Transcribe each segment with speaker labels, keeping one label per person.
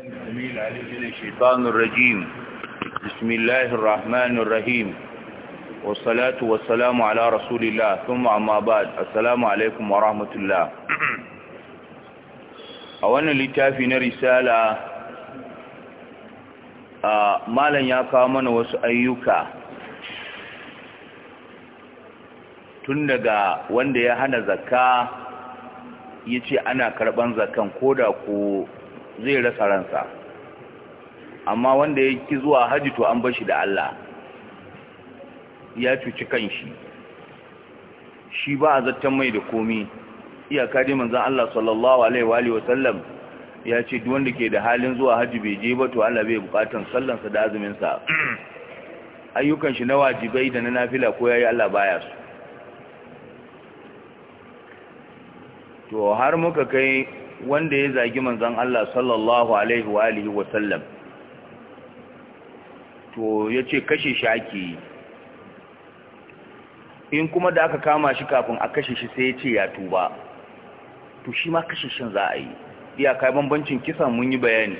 Speaker 1: السميع العليم الشيطان الرجيم بسم الله الرحمن الرحيم والصلاة والسلام على رسول الله ثم عما بعد السلام عليكم ورحمة الله أولا لتافينا رسالة ما مالا يقامنا وسأيوكا تندقى وانده يهانا زكاه ya ce ana karban zakan ko ku zai rasa ransa amma wanda ya ki zuwa hajji to an bashi da Allah ya cuci kanshi shi ba a zartan mai da komi iyaka dai manzon Allah sallallahu alaihi wa alihi sallam ya ce duk wanda ke da halin zuwa hajji bai je ba to Allah bai bukatan sa da azumin sa ayyukan shi na wajibai da na nafila ko yayi Allah baya su to har muka kai wanda ya zagi manzon Allah sallallahu alaihi wa alihi wa sallam to yace kashe shi ake in kuma da aka kama shi kafin a kashe shi sai yace ya tuba to shi ma kashe shin za a yi kai bambancin kisan mun yi bayani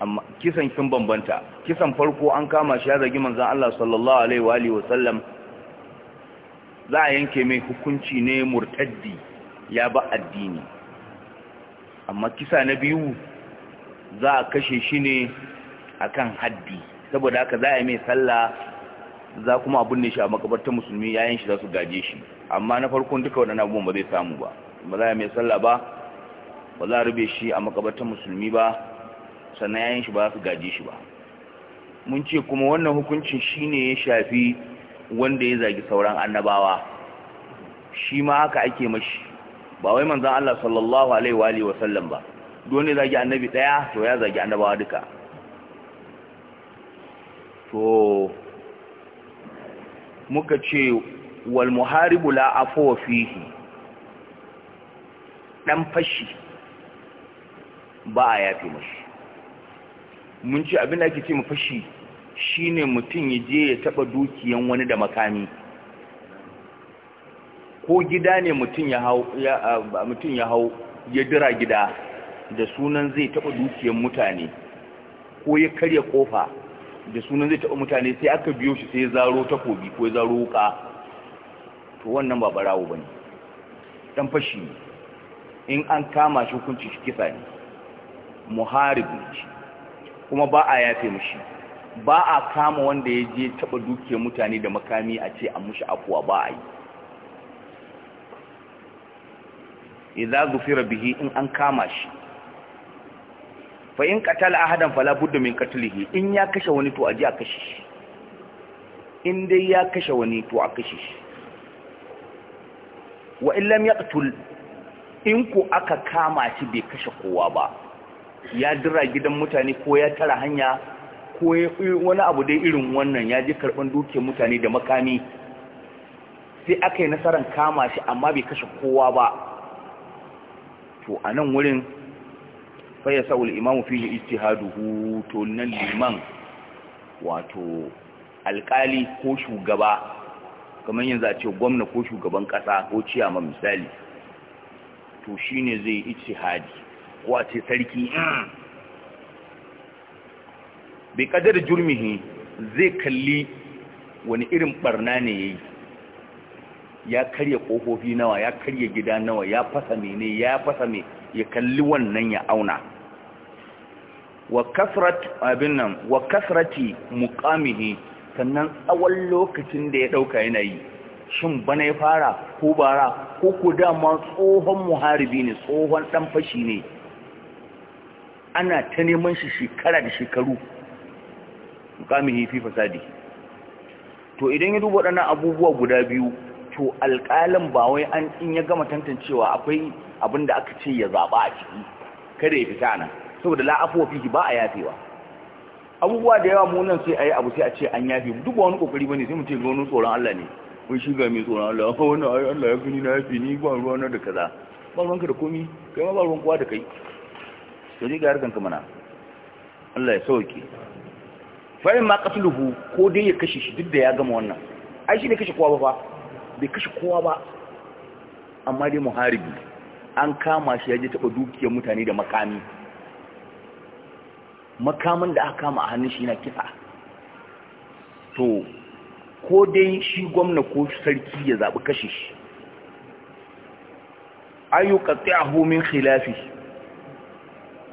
Speaker 1: amma kisan kin bambanta kisan farko an kama shi ya zagi manzon Allah sallallahu alaihi wa alihi wa sallam za a yanke mai hukunci ne murtaddi ya ba addini amma kisa na biyu za a kashe shi ne akan haddi saboda haka za a yi mai sallah za kuma abin da shi a makabartar musulmi yayin shi za su gaje shi amma na farkon duka wadannan abubuwan ba zai samu ba ba za a yi mai sallah ba ba za a rube shi a makabartar musulmi ba sannan yayin shi ba za su gaje shi ba mun ce kuma wannan hukuncin shi ne ya shafi wanda ya zagi sauran annabawa shi ma haka ake mashi ba wai manzan Allah sallallahu alaihi wa wa sallam ba duk zagi annabi daya to ya zagi annabawa duka to muka ce wal muharibu la afwa fihi dan fashi ba a yafe mashi mun ce abin da ake ce mu fashi shine mutum ya je ya taba dukiyan wani da makami ko gida ne mutum ya hau ya hau ya dira gida da sunan zai taɓa dukiyar mutane ko ya karya kofa da sunan zai taɓa mutane sai aka biyo shi sai ya zaro takobi ko ya zaro wuka to wannan ba barawo ba ne ɗan fashi ne in an kama shi hukunci shi kisa ne muharibin ne kuma ba a yafe mushi ba a kama wanda ya je taɓa dukiyar mutane da makami a ce a mushi afuwa ba a yi idza zufira bihi in an kama shi fa in qatala ahadan fala budda min qatlihi in ya kashe wani to aje a kashe shi in dai ya kashe wani to a kashe shi wa in lam yaqtul in ku aka kama shi bai kashe kowa ba ya dira gidan mutane ko ya tara hanya ko wani abu dai irin wannan ya ji karban duke mutane da makami sai aka yi nasarar kama shi amma bai kashe kowa ba to a nan wurin faya sa'ul imamu fiye istihadu to nan liman wato alkali ko shugaba kamar yanzu a ce gwamna ko shugaban kasa ko ma misali to ne zai istihadi ko a ce sarki bai kadar jurmihi zai kalli wani irin barna ne yi. ya karya kofofi nawa ya karya gida nawa ya fasa mene ya fasa me ya kalli wannan ya auna wa kasrat abin nan wa kasrati muqamihi sannan tsawon lokacin da ya dauka yana yi shin bana ya fara ko bara ko ko dama tsohon muharibi ne tsohon dan fashi ne ana ta neman shi shekara da shekaru muqamihi fi fasadi to idan ya duba waɗannan abubuwa guda biyu to alƙalin ba wai an in ya gama tantancewa akwai abin da aka ce ya zaɓa a ciki kada ya fita nan saboda la'afuwa fiki ba a yafewa abubuwa da yawa mu nan sai a yi abu sai a ce an yafe duk ba wani kokari bane sai mu ce gano tsoron Allah ne kun shiga mai tsoron Allah ko ah, wannan ayi Allah ya fi ni na yafe ni ba ruwa na da kaza ba ruwanka da komi kai ma ba ruwan kowa da kai to ji ga harkan ka mana Allah ya sauke fa in ma qatluhu ko dai ya kashe shi duk da ya gama wannan ai shi ne kashe kowa ba fa bai kashe kowa ba amma dai muharibi an kama shi ya je taɓa dukiyar mutane da makami makamin da aka kama a hannun shi na kisa to ko dai shi gwamna ko sarki ya zaɓi kashe shi tsaye a homin khilafi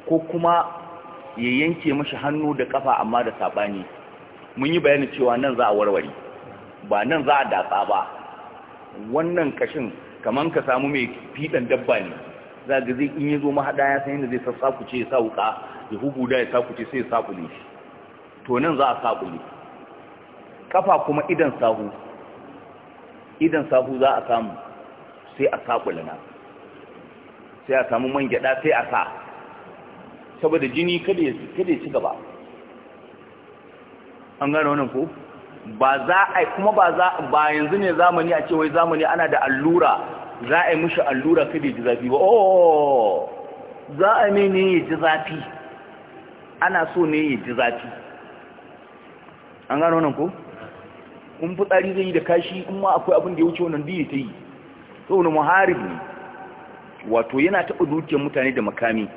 Speaker 1: ko kuma ya yanke mashi hannu da kafa amma da saɓani mun yi bayanin cewa nan za a warware ba nan za a datsa ba wannan kashin kaman ka samu mai fiɗan dabba ne za ga zai in ya zo mahaɗa ya san yadda zai ce ya sa wuka ya da ya ce sai ya sakule shi to nan za a sakule kafa kuma idan sahu idan sahu za a samu sai a sakule na sai a samu man gyada sai a sa saboda jini kada ya ci gaba an gane wannan ko ba za a kuma ba za ba yanzu ne zamani a cewa zamani ana da allura za a yi mushi allura kada ji zafi ba oh za a ne ne ya ji zafi ana so ne ya ji zafi an gano nan ko kun fitsari zai yi da kashi in ma akwai abin da ya wuce wannan biyu ta yi saboda muharib ne wato yana taɓa dukiyar mutane da makami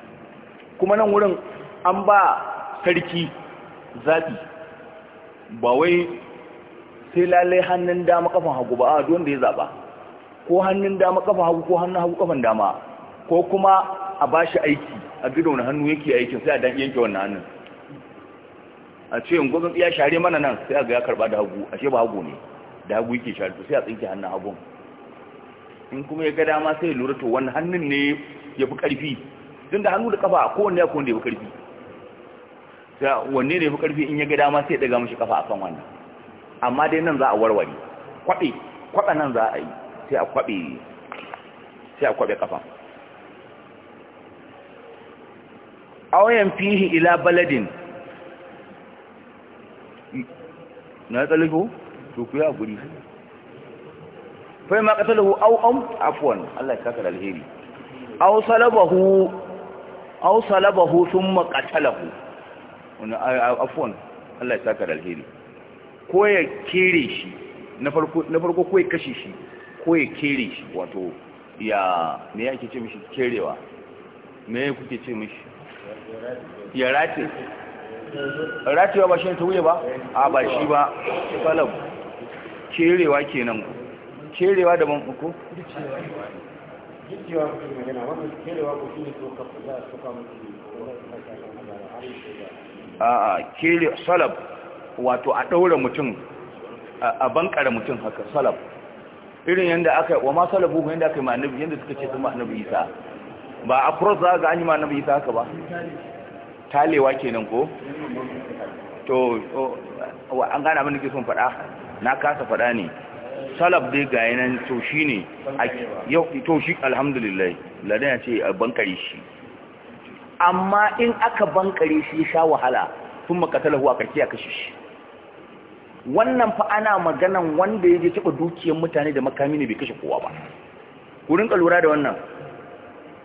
Speaker 1: kuma nan wurin an ba sarki zaɓi ba wai sai lalai hannun dama kafin hagu ba a wanda ya zaba ko hannun dama kafin hagu ko hannun hagu kafan dama ko kuma a ba shi aiki a gida wani hannu yake aikin sai a dan yanke wannan hannun a ce in gwazon iya share mana nan sai a ga ya karba da hagu a ce ba hagu ne da hagu yake share to sai a tsinke hannun hagun in kuma ya ga dama sai lura to wani hannun ne ya fi karfi don da hannu da kafa kowanne ya kone ya fi karfi wanne ne ya fi karfi in ya ga dama sai ya daga mashi kafa kan wannan amma dai nan za a warware kwaɓe kwaɓa nan za a yi sai a kwaɓe sai a kwaɓe ƙafa auyen fihi ila baladin na tsaliko to ku ya guri fai ma qatalahu aw am afwan Allah ya saka alheri aw salabahu aw salabahu thumma qatalahu wannan afwan Allah ya saka alheri ko ya kere shi na farko ko ya kashe shi ko ya kere shi wato ya ya ke ce mishi kerewa ne ya kuke ce mishi ya rate ratewa ba shi ne ta wuye ba a ba shi ba falab kerewa kenan kerewa da ban a kere salab wato a ɗaura mutum a bankara mutum haka salaf irin yadda aka wa ma salafu yadda aka yi ma yadda suka ce sun ma isa ba a cross za ga an yi ma isa haka ba talewa kenan ko to an gane abin da ke son faɗa na kasa faɗa ne salaf dai ga yanan to shi ne yau to shi alhamdulillah ladana ce a bankare shi amma in aka bankare shi sha wahala sun makatalahu a karki a kashe shi wannan fa ana maganan wanda ya je taɓa dukiyar mutane da makami ne bai kashe kowa ba wurin lura da wannan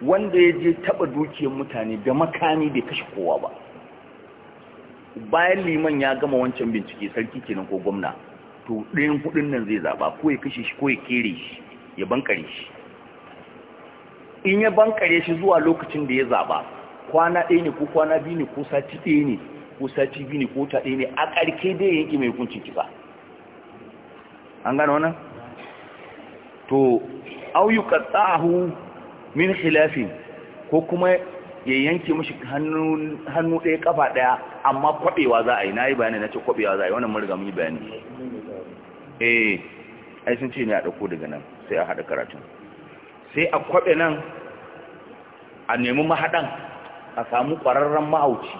Speaker 1: wanda ya je taɓa dukiyar mutane da makami bai kashe kowa ba bayan liman ya gama wancan bincike sarki kenan ko gwamna to ɗayan kuɗin nan zai zaɓa ko ya kashe shi ko ya kere shi ya bankare shi in ya bankare shi zuwa lokacin da ya zaɓa kwana ɗaya ne ko kwana biyu ne ko sati ɗaya ne ko sati biyu ne ko ta ɗaya ne a ƙarke dai yanki mai hukuncin kifa an gano wannan to au yi katsahu min khilafin ko kuma ya yanke mashi hannu ɗaya ƙafa ɗaya amma kwaɓewa za a yi na yi bayanai na ce kwaɓewa za a yi wannan marga mun yi bayani eh ai sun ce ne a ɗauko daga nan sai a haɗa karatun sai a kwaɓe nan a nemi mahaɗan a samu ƙwararren mahauci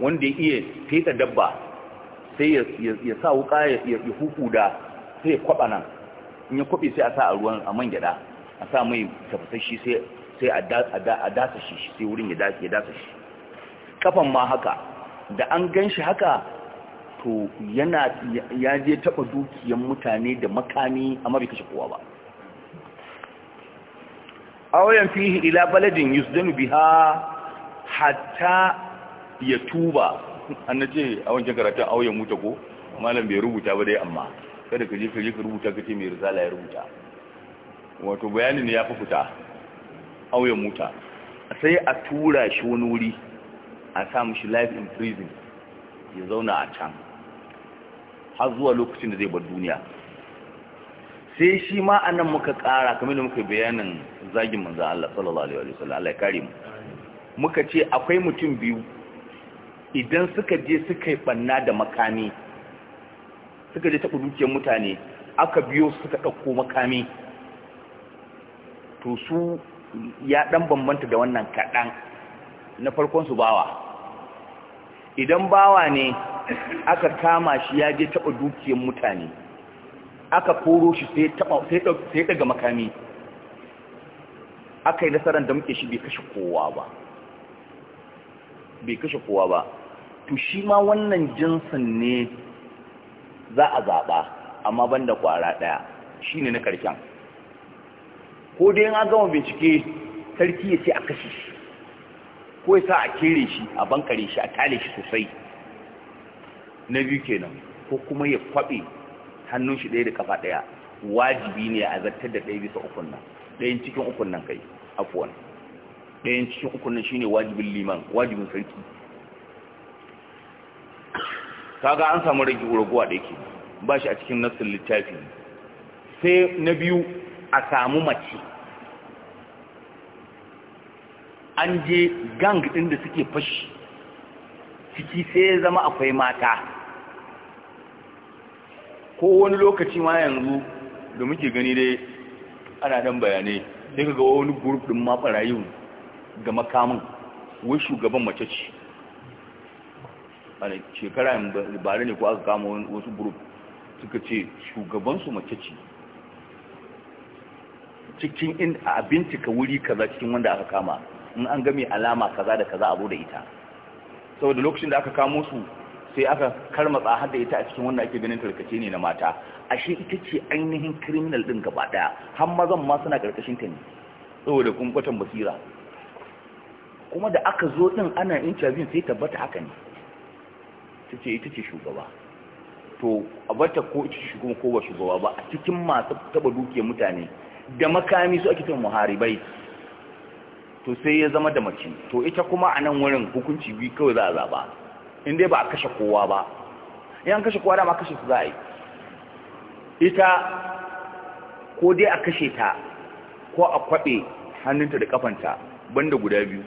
Speaker 1: wanda ya iya feta dabba sai ya sa wuka ya huku da sai ya kwaba nan in ya kwabi sai a sa a ruwan a man gyada a sa mai tafasashi sai a dasa shi sai wurin ya dasa shi kafan ma haka da an gan shi haka to yana ya je taba dukiyan mutane da makami a mabi kashe kowa ba auren fihi ila baladin yusdanu biha hatta ya tuba an na ce a wancan karatun auya muta ko malam bai rubuta ba dai amma kada ka je ka je ka rubuta ka ce mai risala ya rubuta wato bayani ne ya fi fita auya muta sai a tura shi wani wuri a sa mishi life in prison ya zauna a can har zuwa lokacin da zai bar duniya sai shi ma a nan muka kara kamar da muka bayanin zagin manzan Allah sallallahu Alaihi sallam Allah ya kare mu muka ce akwai mutum biyu idan suka je suka yi banna da makami suka je taɓa dukiyar mutane aka biyo suka ɗauko makami to su ya ɗan bambanta da wannan kaɗan na farkon su bawa idan bawa ne aka kama shi ya je taɓa dukiyar mutane aka koro shi sai daga makami aka yi nasarar da muke shi bai kashe kowa ba bai kashe kowa ba to shi ma wannan jinsin ne za a zaɓa amma ban da ƙwara ɗaya shi ne na ƙarshen ko dai an gama bincike sarki ya ce a kashe shi ko ya sa a kere shi a bankare shi a tale shi sosai na biyu kenan ko kuma ya kwaɓe hannun shi ɗaya da kafa ɗaya wajibi ne a zartar da ɗaya bisa ukun nan ɗayan cikin ukun nan kai afuwan ɗayan cikin ukun nan shine wajibin liman wajibin sarki kaga an samu rage uruguwa da yake ba shi a cikin nassin littafi sai na biyu a samu mace an je gang ɗin da suke fashi ciki sai ya zama akwai mata ko wani lokaci ma yanzu da muke gani dai ana dan bayanai sai ga wani gurub ɗin ma ga makamin wai shugaban mace ce a shekara bare ne ko aka kama wasu group suka ce shugabansu mace ce cikin in a bincika wuri kaza cikin wanda aka kama in an gami alama kaza da kaza abu da ita saboda lokacin da aka kamo su sai aka karmatsa har da ita a cikin wanda ake ganin tarkace ne na mata ashe ita ce ainihin criminal din gaba daya har mazan ma suna karkashin ta ne saboda kumkwatan basira kuma da aka zo din ana intervene sai tabbata haka ne ta ce ita ce shugaba to a bata ko ita ce shugaba ko ba shugaba ba a cikin masu taba duke mutane da makami su ake tun muharibai to sai ya zama da mace to ita kuma a nan wurin hukunci biyu kawai za a zaba in dai ba a kashe kowa ba yan kashe kowa dama kashe su za a yi ita ko dai a kashe ta ko a kwaɓe hannunta da kafanta banda guda biyu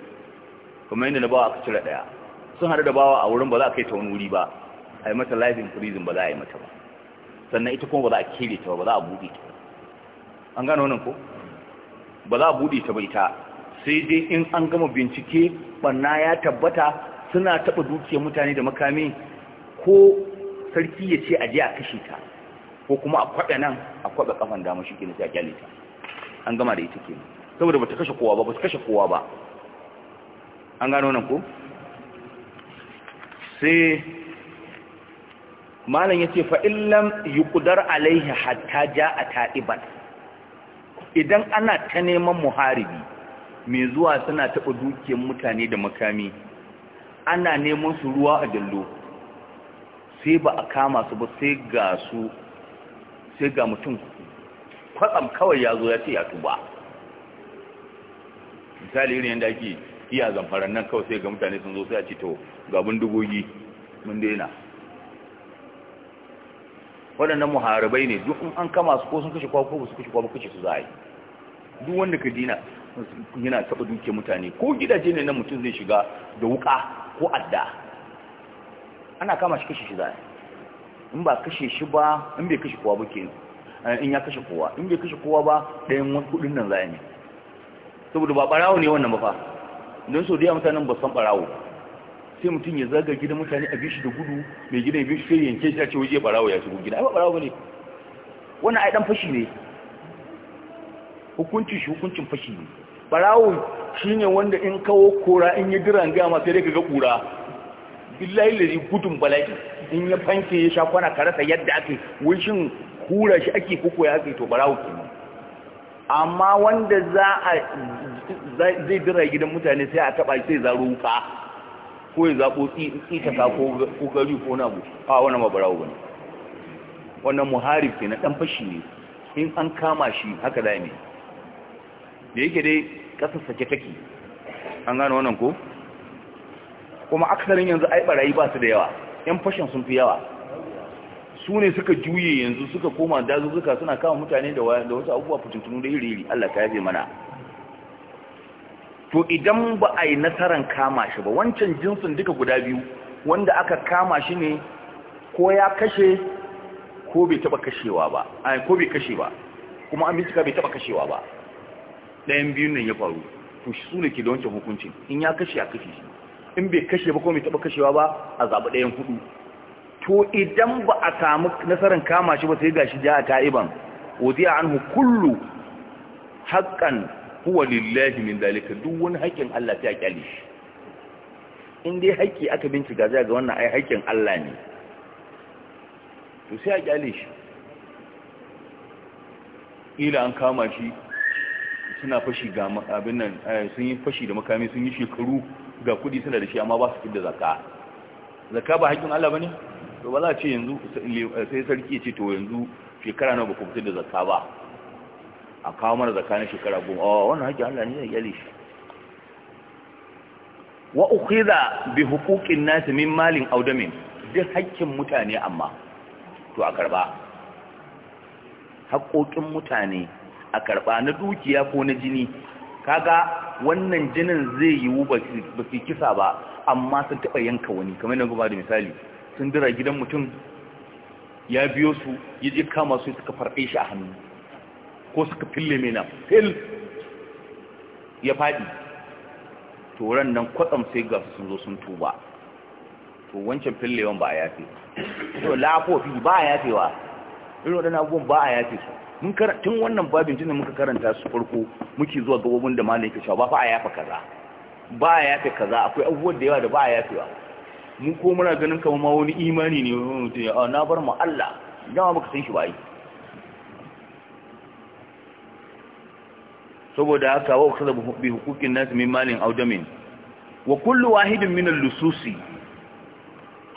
Speaker 1: kamar yadda na ba a kacira ɗaya sun haɗu da bawa a wurin ba za a kai ta wani wuri ba a yi mata life in prison ba za a yi mata ba sannan ita kuma ba za a kere ta ba za a buɗe ta an gano wannan ko ba za a buɗe ta ba ita sai dai in an gama bincike ɓanna ya tabbata suna taɓa dukiyar mutane da makami ko sarki ya ce a je a kashe ta ko kuma a kwaɗa nan a kwaɗa ƙafan dama shi kenan sai a kyale ta an gama da ita kenan saboda bata kashe kowa ba bata kashe kowa ba an gano nan ko sai malam yace fa illam yuqdar alaihi hatta jaa ta'iban idan ana ta neman muharibi mai zuwa suna taɓa dukiyar mutane da makami ana neman su ruwa a dallo sai ba a kama su ba sai ga su sai ga mutum kwatsam kawai yazo zo ya ce ya tuba misali irin yadda ake iya zamfaran nan kawai sai ga mutane sun zo sai a ci to ga bindigogi mun daina waɗannan muharabai ne duk an kama su ko sun kashe kwa ko su kashe kwa ba kashe su za yi duk wanda ka dina yana taɓa duke mutane ko gidaje ne na mutum zai shiga da wuka ko adda ana kama shi kashe shi za in ba kashe shi ba in bai kashe kowa ba ke eh, in ya kashe kowa in bai kashe kowa ba ɗayan wani kuɗin nan za ne saboda ba ɓarawo ne wannan ba fa don so da mutanen ba san barawo sai mutum ya zaga gidan mutane a bishi da gudu mai gidan bishi sai yanke shi a ce waje barawo ya shigo gida ai ba barawo bane wannan ai dan fashi ne hukuncin shi hukuncin fashi ne barawo shine wanda in kawo kora in yi diran ga ma sai dai kaga kura billahi lazi gudun bala'i in ya fanke ya sha kwana ka rasa yadda ake wai shin hura shi ake kuku ya ake to barawo kenan amma wanda za a zai dira gidan mutane sai a taba sai zaro wuka ko ya zabo tsitaka ko gari ko na bu a wannan mabarawo bane wannan muharib ke na dan fashi ne in an kama shi haka da ne da yake dai kasar sake take an gane wannan ko kuma aksarin yanzu ai barayi ba su da yawa yan fashin sun fi yawa su ne suka juye yanzu suka koma suka suna kama mutane da wasu abubuwa fitintunu da iri-iri Allah ka yafe mana to idan ba a yi nasarar kama shi ba wancan jinsin duka guda biyu wanda aka kama shi ne ko ya kashe ko bai taba kashewa ba ai ko bai kashe ba kuma amintika bai taba kashewa ba ɗayan biyun nan ya faru to shi su ne ke da wancan hukuncin in ya kashe ya kashe shi in bai kashe ba ko bai taba kashewa ba a zaɓi ɗayan hudu to idan ba a samu nasarar kama shi ba sai gashi ja a ta'iban a anhu kullu haqqan huwa lillahi min dalika duk wani haƙƙin Allah sai a kyale shi in dai haƙƙi aka bincika zai ga wannan ai haƙin Allah ne to sai a kyale shi ila an kama shi suna fashi ga abin nan eh, sun yi fashi da makami sun yi shekaru ga kudi suna da shi amma ba su fidda zakka zakka ba haƙƙin Allah bane to ba za a ce yanzu sai sarki ya ce to yanzu shekara nawa ba ku fitar da zakka ba a kawo mana zakanin shekara goma a wannan haƙƙin Allah ne zai yale shi wa ukhidha bi huquqin nas min malin audamin duk haƙƙin mutane amma to a karba haƙƙoƙin mutane a karba na dukiya ko na jini kaga wannan jinin zai yiwu ba su kisa ba amma sun taɓa yanka wani kamar yadda ba da misali sun dira gidan mutum ya biyo su ya je kama su suka farfe shi a hannu ko suka fille mai fil ya faɗi turan nan kwatsam sai ga sun zo sun tuba to wancan fillewan ba a yafe to lafofi ba a yafewa irin waɗannan abubuwan ba a yafe su mun tun wannan babin tun muka karanta su farko muke zuwa gabobin da malam yake cewa ba fa a yafa kaza ba a yafe kaza akwai abubuwa da yawa da ba a yafewa mun ko muna ganin kamar ma wani imani ne mutum ya ah, na bar mu Allah dama muka san shi ba yi saboda haka wa da bi hukukin nasu min malin aw wa kullu wahidin min al-lususi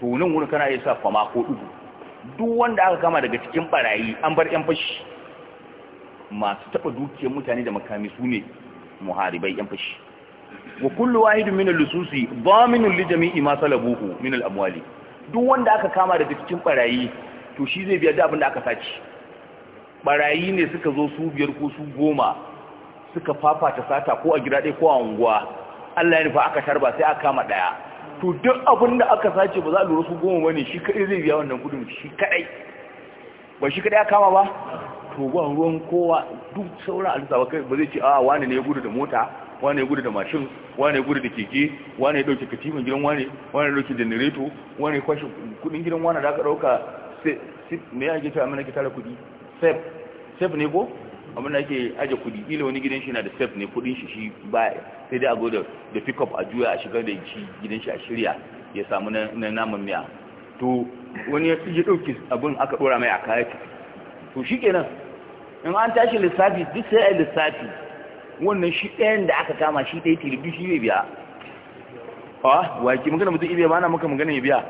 Speaker 1: to nan gurin kana iya sa fama ko dudu duk wanda aka kama daga cikin barayi an bar yan fashi masu taba dukiyar mutane da makami su ne muharibai yan fashi wa kullu wahidin min al-lususi daminun li jami'i ma salabuhu min al-amwali duk wanda aka kama daga cikin barayi to shi zai biya da abin da aka saci barayi ne suka zo su biyar ko su goma suka fafata sata ko a gida ɗaya ko a unguwa Allah ya nufa aka tarba sai aka kama ɗaya to duk abin da aka sace ba za a lura su goma bane shi kaɗai zai biya wannan kudin shi kaɗai ba shi kaɗai aka kama ba to ba ruwan kowa duk sauran alisa ba kai ba zai ce a ah, wane ne ya gudu da mota Wane ya gudu da mashin Wane ya gudu da keke Wane ya ɗauke katifin gidan wane? Wane ya ɗauke janareto Wane ya kwashe kudin gidan wane da aka ɗauka me ya gita cewa mana ki tara kudi sef sef ne ko abin da ake aje kudi ila wani gidan shi na da step ne kudin shi shi ba sai dai a go da pick up a juya a shigar da shi gidan shi a shirya ya samu na naman miya to wani ya ji dauki abin aka dora mai a kaya to shikenan in an tashi lissafi duk sai a lissafi wannan shi ɗayan da aka kama shi ɗaya tilibi shi zai biya a waki magana mutum ibe ba na maka magana ya biya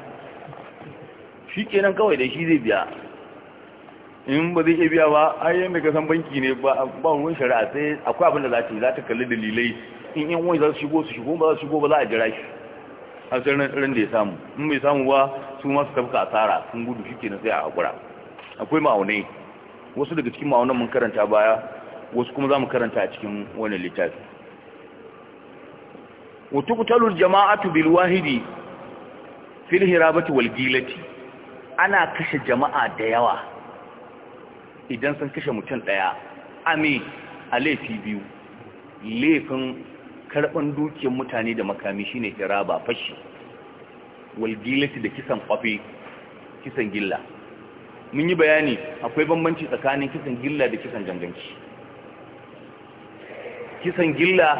Speaker 1: shi kenan kawai da shi zai biya in ba zai iya biya ba ai yanda ka san banki ne ba ruwan shari'a sai akwai abin da za ta yi za ta kalli dalilai in yan wani za su shigo su shigo ba za su shigo ba za a jira shi a sai ran da ya samu in bai samu ba su ma su tafka asara sun gudu shi kenan sai a hakura akwai ma'aunai wasu daga cikin ma'aunan mun karanta baya wasu kuma za mu karanta a cikin wani littafi wa tuqtalu jama'atu bil wahidi fil hirabati wal gilati ana kashe jama'a da yawa idan sun kashe mutum ɗaya ame a laifi biyu laifin karɓar dukiyar mutane da makami shine ba fashi walgilati da kisan kwafi kisan gilla mun yi bayani akwai bambanci tsakanin kisan gilla da kisan ganganci kisan gilla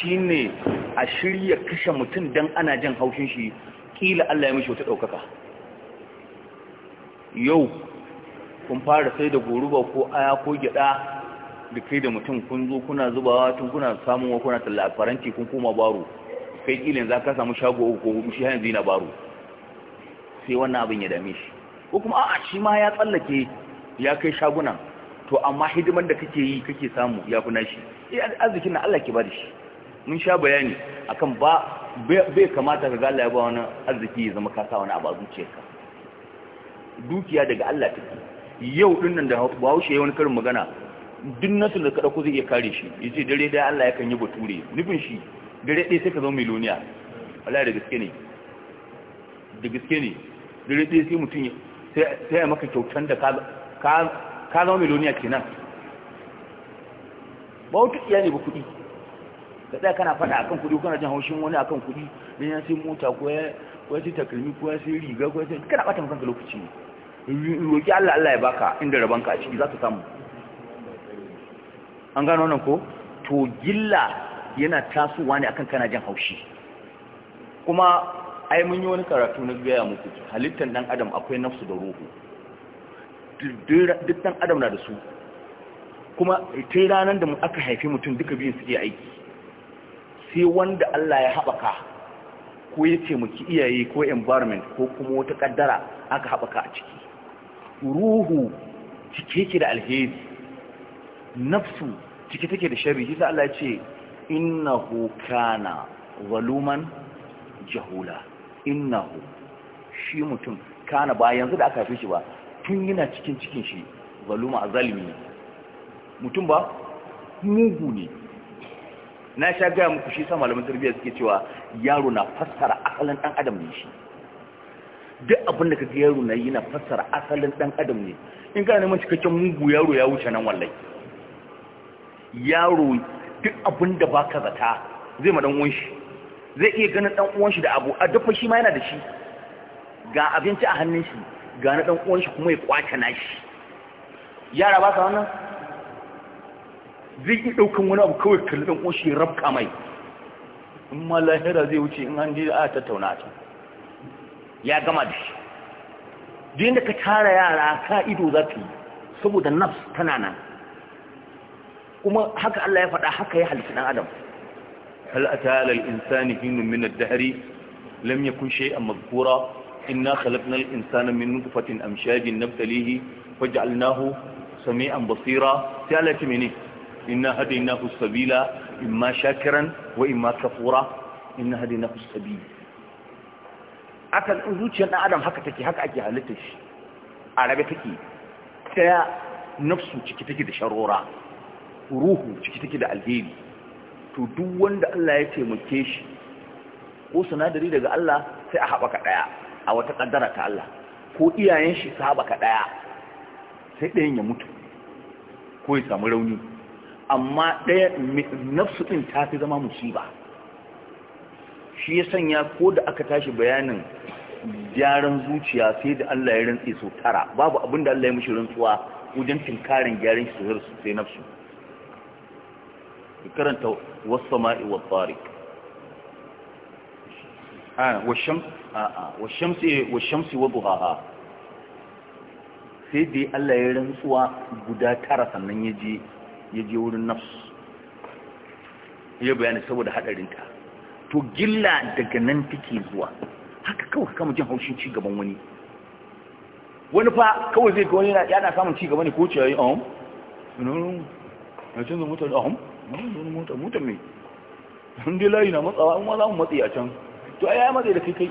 Speaker 1: shine a shirya kashe mutum don ana jan haushin shi kila Allah ya mishi wata ɗaukaka yau kun fara sai da goruba ko aya ko gida da kai da mutum kun zo kuna zubawa tun kuna samun wa kuna talla a faranti kun koma baro kai kilin za ka samu shago ko hudu shi yanzu yana baro sai wannan abin ya dame shi ko kuma a'a shi ma ya tsallake ya kai shagunan to amma hidimar da kake yi kake samu ya kuna shi eh arzikin na Allah ke ba da shi mun sha bayani akan ba bai kamata ka ga Allah ya ba wani arziki ya zama ka sa wani abu a zuciyarka dukiya daga Allah take yau dinnan da bahaushe ya wani karin magana duk nasu da kaɗa ko zai iya kare shi ya ce dare da Allah ya kan yi bature nufin shi dare ɗaya sai ka zama miloniya Allah da gaske ne da gaske ne dare ɗaya sai mutum sai ya maka kyautan da ka zama miloniya nan ba wata iya ne ba kuɗi ka tsaya kana faɗa akan kuɗi kana jin haushin wani akan kuɗi don ya sai mota ko ya sai takalmi ko ya sai riga ko ya sai kana ɓata ka lokaci ne roƙi Allah Allah ya baka inda rabanka a ciki za ka samu an gano nan ko to gilla yana tasowa ne akan kana jin haushi kuma ai mun yi wani karatu na gaya muku halittar dan adam akwai nafsu da ruhu duk dan adam na da su kuma ta ranar da aka haifi mutum duka biyun suke aiki sai wanda Allah ya haɓaka ko ya taimaki iyaye ko environment ko kuma wata ƙaddara aka haɓaka a ciki ruhu cike ke da alheri nafsu cike take da sharri sai Allah ya ce innahu kana zaluman jahula innahu shi mutum kana ba yanzu da aka haife shi ba tun yana cikin cikin shi zaluma azalimi ne mutum ba mugu ne na sha gaya muku shi sa malamin tarbiyya suke cewa yaro na fassara akalan dan adam ne shi duk abin da kaga yaro na yi na fassara asalin dan adam ne in ka neman cikakken mugu yaro ya wuce nan wallahi yaro duk abin da baka zata zai ma dan uwan shi zai iya ganin dan uwan shi da abu a dafa shi ma yana da shi ga abinci a hannun shi ga na dan uwan shi kuma ya kwace nashi yara ba ka wannan zai iya daukan wani abu kawai kalli ɗan uwan shi rabka mai in ma lahira zai wuce in an je a tattauna a can ya gama da shi duk da ka tara yara ka ido za ka yi saboda nafs tana nan kuma haka Allah ya faɗa haka ya halitta ɗan adam hal atala al insani hinun min ad-dahr lam yakun shay'an madhkura inna khalaqna al insana min nutfatin amshajin nabtalihi faj'alnahu sami'an basira sai Allah ya ce mene inna hadaynahu as-sabila imma shakiran wa imma kafura inna hadaynahu as-sabila aka zuciyar ɗan adam haka take haka ake halittar shi a take ɗaya nafsu ciki take da sharora ruhu ciki take da alheri to duk wanda Allah ya taimake shi ko sinadari daga Allah sai a haɓaka ɗaya a wata ƙaddara ta Allah ko iyayen shi su haɓaka ɗaya sai ɗayan ya mutu ko ya samu rauni amma ɗaya nafsu ɗin ta fi zama musiba shi ya sanya ko da aka tashi bayanin gyaran zuciya sai da Allah ya rantsi su tara babu abin da Allah ya mishi rantsuwa wajen tinkarin gyaran shi su sai nafsu karanta was-sama'i wat-tariq ah wash ah ah wash-shamsi wash-shamsi wa duhaha sai dai Allah ya rantsuwa guda tara sannan yaje yaje wurin nafsu ya bayani saboda hadarin ta to gilla daga nan take zuwa haka kawai kama jin haushin ci gaban wani wani fa kawai zai ga wani yana samun ci gaba ne ko ce yayi ahum na canza motar ahum mota? motar mai sun dai layi na matsawa in ma za mu matsi a can to ai ya matsi da kai kai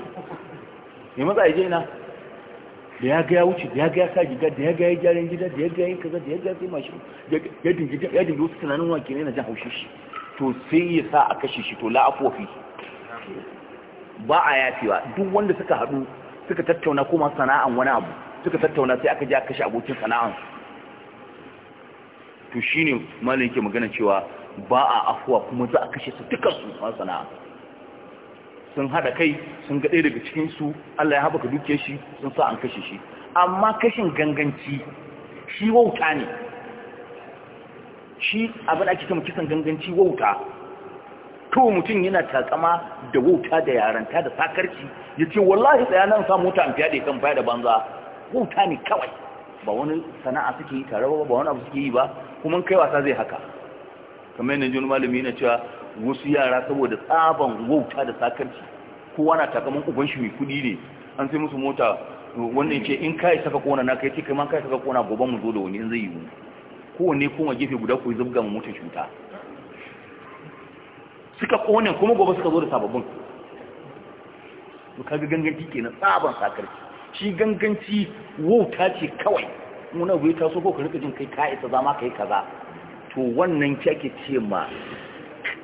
Speaker 1: ya matsa ya je na da ya gaya wuce da ya gaya sa gida da ya gaya gyaran gida da ya gaya ya kaza da ya gaya sai mashin ya dinga ya dinga wasu tunanin wa kenan yana jan haushin shi to sai ya sa a kashe shi to la'afofi ba a yafewa duk wanda suka haɗu suka tattauna kuma sana'an wani abu suka tattauna sai aka je a kashe abokin sana'an to shi ne malin yake magana cewa ba a afuwa kuma za a kashe su dukansu masu sana'a sun haɗa kai sun ga ɗaya daga cikinsu Allah ya haɓaka duke shi sun sa an kashe shi amma kashin ganganci shi wauta ne shi abin ake kama kisan ganganci wauta to mutum yana takama da wauta da yaranta da sakarci ya ce wallahi tsaya nan sa mota an fiye kan fiye da banza wauta ne kawai ba wani sana'a suke yi tare ba ba wani abu suke yi ba kuma kai wasa zai haka kamar yadda jini malami yana cewa wasu yara saboda tsaban wauta da sakarci kowa na takaman uban shi mai kudi ne an sai musu mota wannan ce in kai saka kona na kai ce kai ma kai saka kona gobe mu zo da wani in zai yi kowane kuma gefe guda ku zubga mu mutum cuta suka kone kuma gobe suka zo da sababbin to kaga ganganci kenan tsaban sakarci shi ganganci wauta ce kawai muna gwe ta so ko ka rika jin kai ka isa zama kai kaza to wannan ki ake ce ma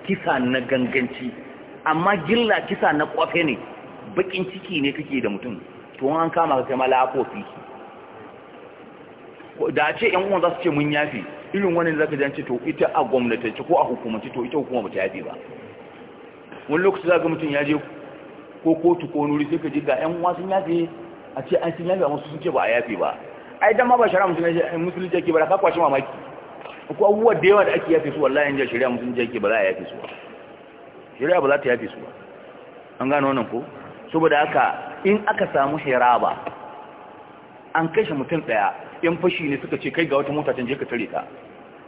Speaker 1: kisa na ganganci amma gilla kisa na kwafe ne bakin ciki ne kake da mutum to an kama ka kai ma lafofi da a ce yan uwan za su ce mun yafi irin wani zaka jance to ita a gwamnatance ko a hukumance to ita hukuma bata yafi ba wani lokaci zaka mutum ya je ko kotu ko nuri sai ka ji ga yan uwa sun yafi a ce an sun yafi amma sun ce ba a yafi ba ai dan ma ba shari'a musulunci musulunci yake ba ka kwashi mamaki ko abubuwa da yawa da ake yafi su wallahi in ji shari'a musulunci yake ba za a yafi su ba shari'a ba za ta yafi su ba an gano wannan ko saboda haka in aka samu ba an kashe mutum daya yan fashi ne suka ce kai ga wata mota can je ka tare ta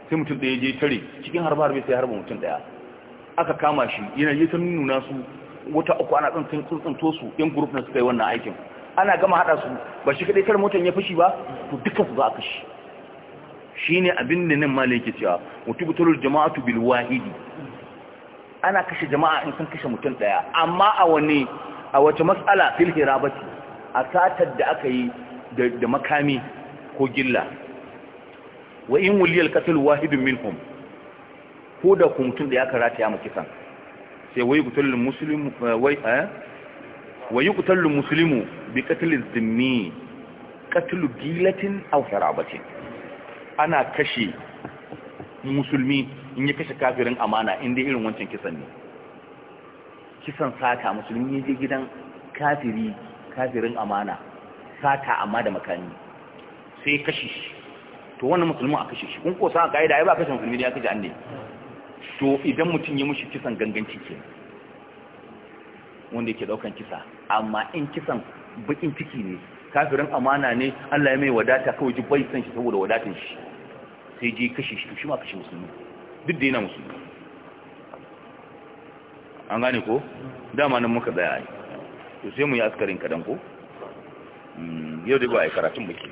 Speaker 1: sai mutum da ya je tare cikin harba harbe sai harba mutum daya aka kama shi yana yi ta nuna su wata uku ana tsantsan to su yan group na suka yi wannan aikin ana gama hada su ba shi kadai tare motan ya fashi ba to duka su za a shi shine abin da nan malai ke cewa mutubtul jama'atu bil wahidi ana kashe jama'a in san kashe mutum daya amma a wani a wata mas'ala fil hirabati a satar da aka yi da makami ko gilla wa in wuliyal qatl wahidun minhum ko da ku da ya karata ya mu kisan sai wai qutalul muslimu eh, wai eh, muslimu bi qatl zimmi qatl gilatin aw harabatin ana kashe musulmi in ya kashe kafirin amana in dai irin wancan kisan ne kisan sata musulmi ya je gidan kafiri kafirin amana sata amma da makami sai kashi shi to wannan musulmin a kashe shi kun ko sa kaida ai ba kashe musulmi ya kashe annabi to idan mutum ya mushi kisan ganganci ke wanda yake daukan kisa amma in kisan bakin ciki ne kafirin amana ne Allah ya mai wadata kawai ji bai san shi saboda wadatin shi sai ji kashe shi to shi ma kashe musulmi duk da yana musulmi an gane ko dama nan muka tsaya ai to sai mu yi askarin kadan ko yau da ba a yi karatun muke